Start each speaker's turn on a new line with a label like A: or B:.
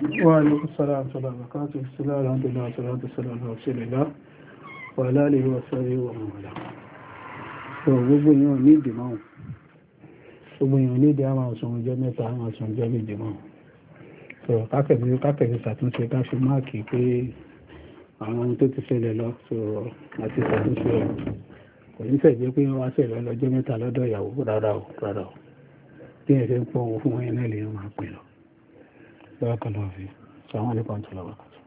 A: وعليكم السلام ورحمة الله وبركاته السلام ورحمة الله والصلاة والسلام على رسول
B: الله وعلى آله وصحبه ومن والاه gbogbo èèyàn ní ìdìmọ̀ gbogbo èèyàn ní ìdí àwọn àṣùn ìjọ mẹ́ta àwọn àṣùn ìjọ méjì mọ̀ sọ̀rọ̀ kákẹ̀bí kákẹ̀bí ṣàtúnṣe ká fi máàkì pé àwọn ohun tó ti ṣẹlẹ̀ lọ sọ̀rọ̀ àti ṣàtúnṣe ẹ̀ kò ní fẹ̀jẹ́
C: bákan náà fi sàwọn nípa ń tọ́lá wákàtí.